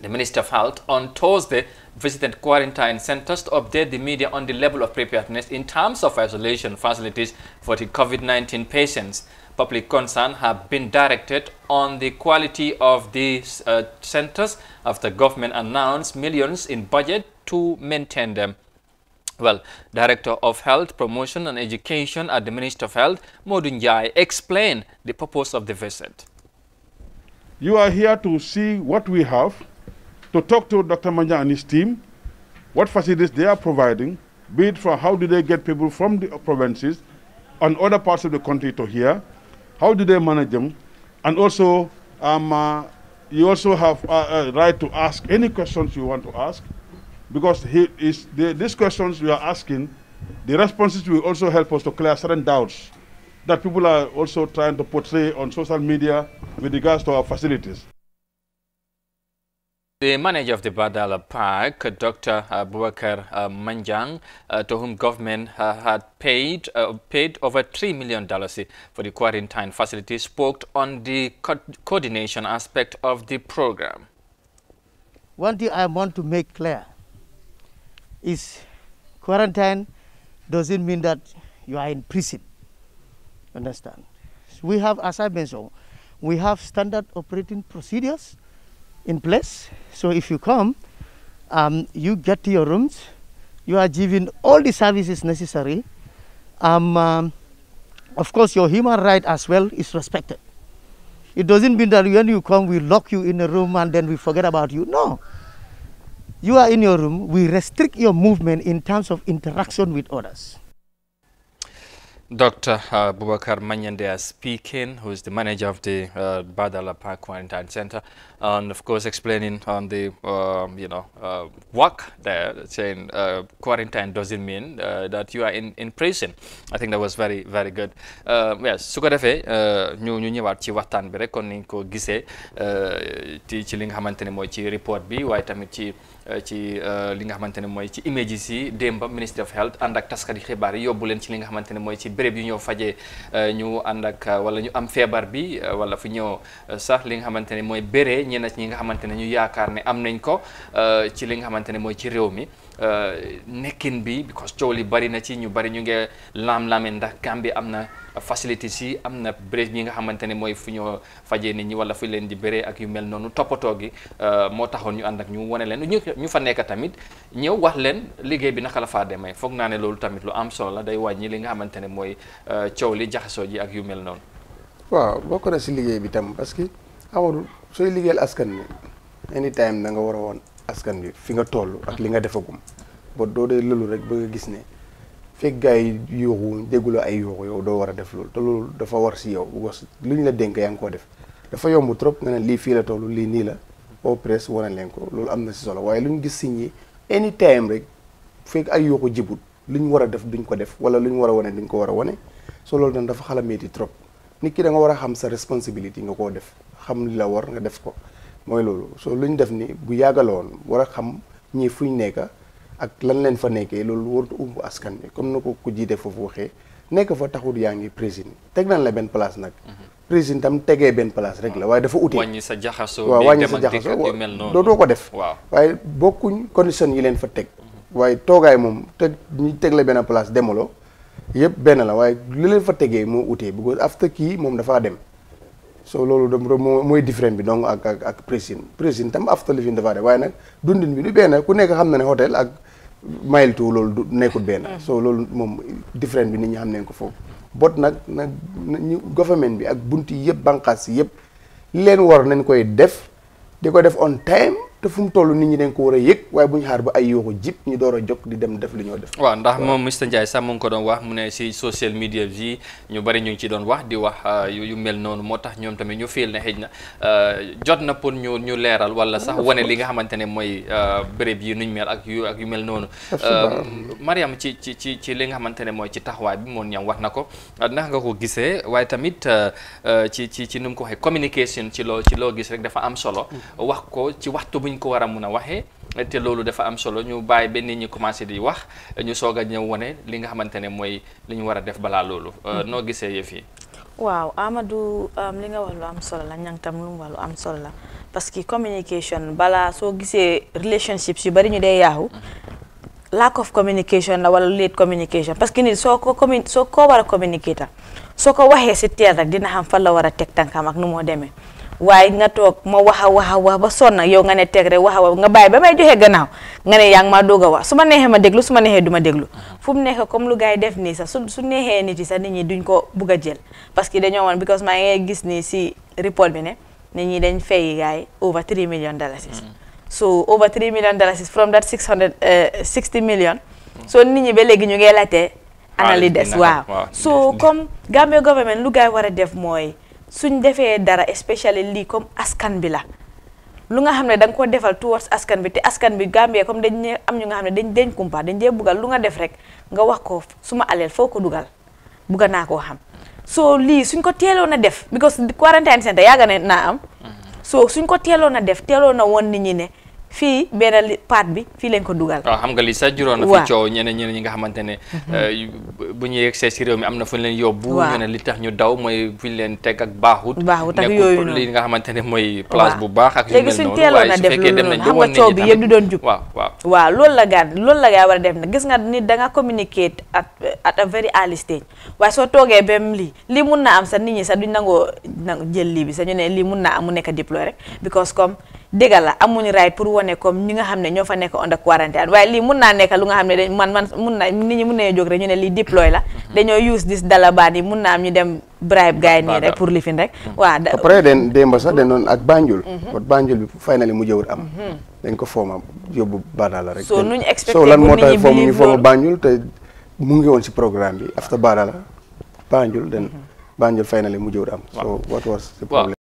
The Minister of Health on Thursday visited quarantine centers to update the media on the level of preparedness in terms of isolation facilities for the COVID-19 patients. Public concern have been directed on the quality of these uh, centers after government announced millions in budget to maintain them. Well, Director of Health Promotion and Education at the Minister of Health, Modunjai, explained the purpose of the visit. You are here to see what we have to talk to Dr. Manja and his team, what facilities they are providing, be it for how do they get people from the provinces and other parts of the country to here, how do they manage them, and also um, uh, you also have a, uh, a, uh, right to ask any questions you want to ask, because he is the, these questions you are asking, the responses will also help us to clear certain doubts that people are also trying to portray on social media with regards to our facilities. The manager of the Badala Park, Dr. Abubakar uh, uh, Manjang, uh, to whom government uh, had paid uh, paid over $3 million eh, for the quarantine facility, spoke on the co coordination aspect of the program. One thing I want to make clear is quarantine doesn't mean that you are in prison. Understand? We have assignments. We have standard operating procedures in place. So if you come, um, you get to your rooms, you are given all the services necessary. Um, um, of course, your human right as well is respected. It doesn't mean that when you come, we lock you in a room and then we forget about you. No. You are in your room, we restrict your movement in terms of interaction with others. Dr. Uh, Bubakar Manyandea speaking, who is the manager of the uh, Badala Park Quarantine Center, and of course explaining on the, um, you know, uh, work there, saying uh, quarantine doesn't mean uh, that you are in, in prison. I think that was very, very good. Um, yes, su ko defee uh, ñu ñu ñëwaat ci waxtaan bi rek kon niñ ko gisee uh, ci ci li nga xamante ne mooy ci report bi waaye tamit ci Euh, ci euh, li nga xamante ne mooy ci images yi démba ministry of health ànd ak taskati xibaar yi yóbbu leen ci li nga xamante ne mooy ci béréb yu ñoo fajee euh, ñu ànd ak wala ñu am feebar bi wala fu ñëw sax li nga xamante ne mooy béree nag ñi nga xamante ne ñu yaakaar ne am nañ ko ci li nga xamante ne mooy ci réew mi Euh, nekkin bi because coow li bari na ci ñu bari ñu ngi laam-laame ndax Gambie am na facilité yi am na bërëb yi nga xamante ne mooy fu ñoo fajee nit ñi wala fu leen di bëree ak yu mel noonu toppatoo gi euh, moo taxoon ñu ànd ak ñu wane leen ñu ñu fa nekk tamit ñëw wax leen liggéey bi naka la faa demee foog naa ne loolu tamit lu am solo la day wàññi li nga xamante ne mooy euh, coow li jaxasoo ji ak yu mel noonu. waaw bokk na si liggéey bi tam parce que amul sooy askan wi anytime da nga war woon. askan bi fi nga toll ak li nga ah. defagum ba doo dee loolu rek ba nga gis ne fekk gars yi yooxu dégguloo ay yooxu yow doo war a def loolu te loolu dafa war si yow parce que lu ñu la dénk yaa ngi koo def dafa yomb trop nga lii fii la toll lii nii la au presse wane leen ko loolu am na si solo waaye lu ñu gis si ñi any rek fekk ay yooxu jibut lu ñu war a def duñ ko def wala lu ñu war a wane duñ ko war a wane so loolu nag dafa xala metti trop nit ki da nga war a xam sa responsabilité nga koo def xam li la war nga def ko mooy loolu so lu ñu def ni bu yàggaloon war a xam ñii fuñ nekk ak lan leen fa nekkee loolu warut umb askan bi comme na ko ku jiite foofu waxee nekk fa taxut yaa ngi président teg nañ la benn place nag mhm. président tam tegee benn place rek la waaye dafa utee wàññi sa jaxasoo waaw wàññi sa jaxasoo dootoo ko def waaw waaye bokkuñ condition yi leen fa teg mhm. waaye toogaay moom teg ñu teg la benn place demolo yëpp benn la waaye li leen fa tegee moo utee because after kii moom dafaa dem so loolu dem muy différence bi donc ak ak ak Précine Précine tam after living dafa de waaye nag dundin bi du benn ku nekk xam na ne hôtel ak Mile Two loolu du nekkul benn mm. so loolu moom différence bi nit ñi xam nañ ko foofu bot nag nag ñu government bi ak bunt yëpp banqaas yëpp leen war nañ koy def di ko def on time te fu mu toll nit ñi dañ ko war a yëg waaye bu xaar ba ay yoo jib ñu door a jóg di dem def lu ñoo def waaw ndax moom Mr Ndiaye sax mu ngi ko doon wax mu ne si social media bi ñu bari ñu ngi ci doon wax di wax euh, yu mel noonu moo tax ñoom tamit ñu fiil ne xëj na euh, jot na pour ñu ñu leeral wala sax wane li nga xamante ne mooy euh, béréb yi nuñ mel ak yu ak yu mel noonu Mariam ci ci ci ci li nga xamante ne mooy ci taxawaay bi moom ñam wax na ko ndax nga ko gisee waaye tamit ci ci ci nu mu ko waxee communication ci loo ci loo gis rek dafa am solo mm. wax ko ci waxtu bu niñ ko war a mun a waxee te loolu dafa am solo ñu bàyyi ba ñi commencé di wax ñu soog a ñëw wone li nga xamante ne mooy li ñu war a def balaa loolu euh, mm-hmm. noo gisee yëf yi. waaw amadu euh, li nga wax lu am solo la ñang lu mu wax lu am solo la parce que communication balaa soo gisee relationships yu bari ñu dee yaaxu lack of communication la wala late communication parce que nit soo ko commun soo ko war a communiquer soo ko waxee si teel rek dina xam fan la war a teg tànkam ak nu moo demee. waaye nga toog ma wax a wax a wax ba sonna yow nga ne teg rek wax a wax nga bàyyi ba may joxe gannaaw nga ne yaa ngi maa doog a wax su ma neexee ma déglu su ma neexee du ma déglu mm-hmm. fu mu nekk comme lu gars yi nii sax su neexee nit yi sax nit ñi duñ ko bugg a parce que dañoo woon because maa ngi gis nii si report bi ne nit ñi dañ fay gars yi over 3 million dalasis mm-hmm. so over 3 million dalasis from that 600 60 uh, million so nit ñi ba léegi ñu ngi laajte ana li des waaw so comme Gambia government lu gars war a def mooy suñ defee dara especially lii comme askan bi la lu nga xam ne da nga ko defal towards askan bi te askan bi Gambie comme dañ ne am ñu nga xam ne dañ deñ kumpa dañ dee buggal lu nga def rek nga wax ko suma aleel foo ko dugal bugga naa koo xam soo lii suñ ko teeloon a def because quarantine center yàgg na naa am mm-hmm. soo suñ ko teeloon a def teeloon na woon nit ñi ne fi benn pat bi fi len ko dugal. wa ah, xam nga li sa juro na fi coow ñeneen ñeneen ñi nga xamantene mhm. euh, bu ñu yegsee si réew mi amna fu len yobbu yóbbu. li tax ñu daw moy fi len tek ak baxut baxut ak yoyu li nga xamantene moy place bu bax ak yu mel non waaye su dem nañ bi du doon juk wa wa wa lool la gaan lool la gaay wara def na gis nga ni da nga communicate at at a very early stage wa so toge bem li li mu na am sa nit ñi sa duñ nango jël li bi sa ñu ne li mu na am mu nekk déployé rek because comme dëgga la amuñ raay pour wane comme ñi nga xam ne ñoo fa nekk under quarantine waaye lii mun naa nekk lu nga xam ne dañ man man mun na nit ñi mun nañu ne lii deploy la mhm. dañoo use this dalabaan yi mun naa am ñu dem bribe gaay nii rek pour lifin rek mhm. waaw après den démba sax den doon ak Banjul mhm. kon Banjul mu jëwut am dañ ko fooma yóbbu Baada la rek so nuñ expecté so lan moo tax foom ñu fooma Banjul te mu ngi woon si programme bi after Baada la Banjul den Banjul finally mu jëwut am so what was the problem